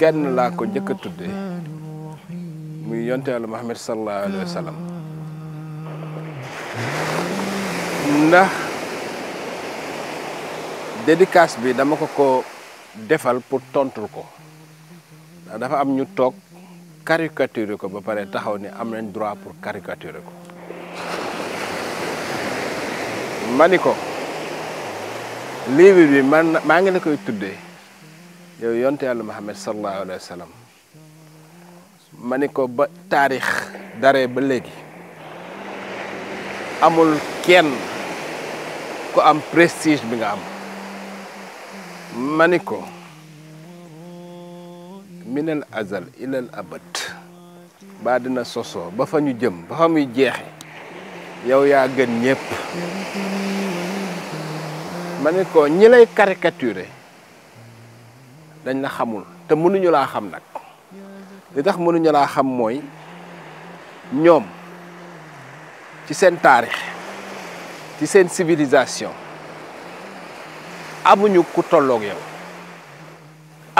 kenn laa ko njëkk a tuddee muy yonte yàlla Muhammad sallallahu Alaihi Wasallam. sallam ndax dédicace bi dama ko ko defal pour tontul ko ndax dafa am ñu toog caricature ko ba pare taxaw ni am nañ droit pour caricature ko ma ni ko livre bi man maa ngi la koy yow yonte yàlla Muhammad sallallahu alayhi wa sallam ma ko ba taarix daree ba léegi amul kenn ku am prestige bi nga am ma ni ko minal azal ilal abad baa dina sosoo ba fa ñu jëm ba fa muy jeexe yow yaa gën ñëpp ma ni ko ñi dañ la xamul te mënuñu laa xam nag li tax mënuñu laa xam mooy ñoom ci seen taarix ci seen civilisation amuñu ku tollook yow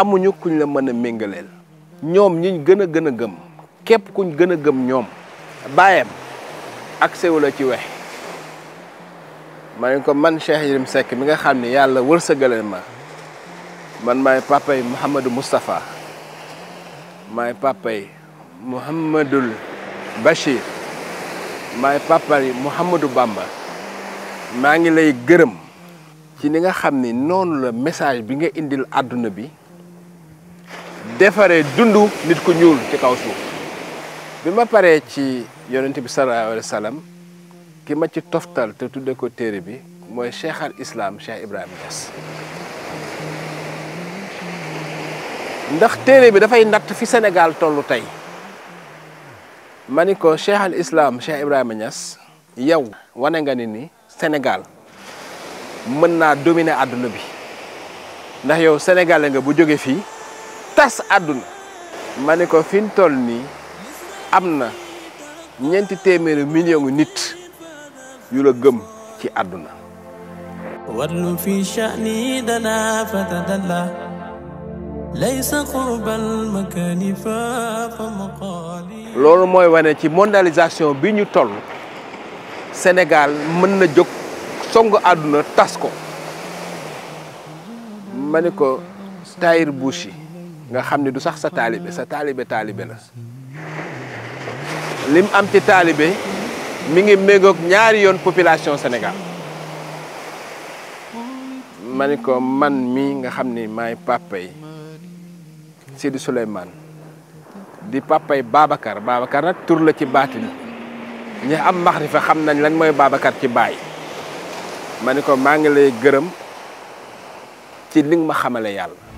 amuñu kuñ la mën a méngaleel ñoom ñiñ gën a gën a gëm képp kuñ gën a gëm ñoom bàyyam ak sewu la ci wex ma ne ko man Cheikh Yérim sekk mi nga xam ne yàlla wërsëgale ma man maay papay Mouhamadou Moustapha may papay Mouhamadul Bachir maay papay Mouhamadou Bamba maa ngi lay gërëm ci ni nga xam ni noonu la message bi nga indil àdduna bi defaree dund nit ku ñuul ci kaw suuf bi ma paree ci yonent bi sallallahu alayhi wa sallam ki ma ci toftal te tudde ko téere bi mooy cheikh al islam cheikh Ibrahima Niass ndax téere bi dafay natt fi Sénégal tollu tey ma ni ko cheikh al islam cheikh Ibrahima Niass yow wane nga ni ni Sénégal mën naa dominer àdduna bi ndax yow sénégalais nga bu jóge fii tas àdduna ma ni ko fi mu toll nii am na ñeenti téeméeri million nit yu la gëm ci àdduna loolu mooy wane ci mondialisation bi ñu toll Sénégal mën na jóg song àdduna tas ko ma ni ko Tahir Bouchi nga xam ne du sax sa taalibe sa taalibe taalibe la lim am ci taalibe mi ngi méngoog ñaari yoon population Sénégal ma ni ko man mii nga xam ni maay papa yi Sidi Souleymane di papay Babacar Babacar nag tur la ci baatin ñi am maxrifa xam nañ lañ mooy Babacar ci baay ma ni ko maa ngi lay gërëm ci li nga ma xamale yàlla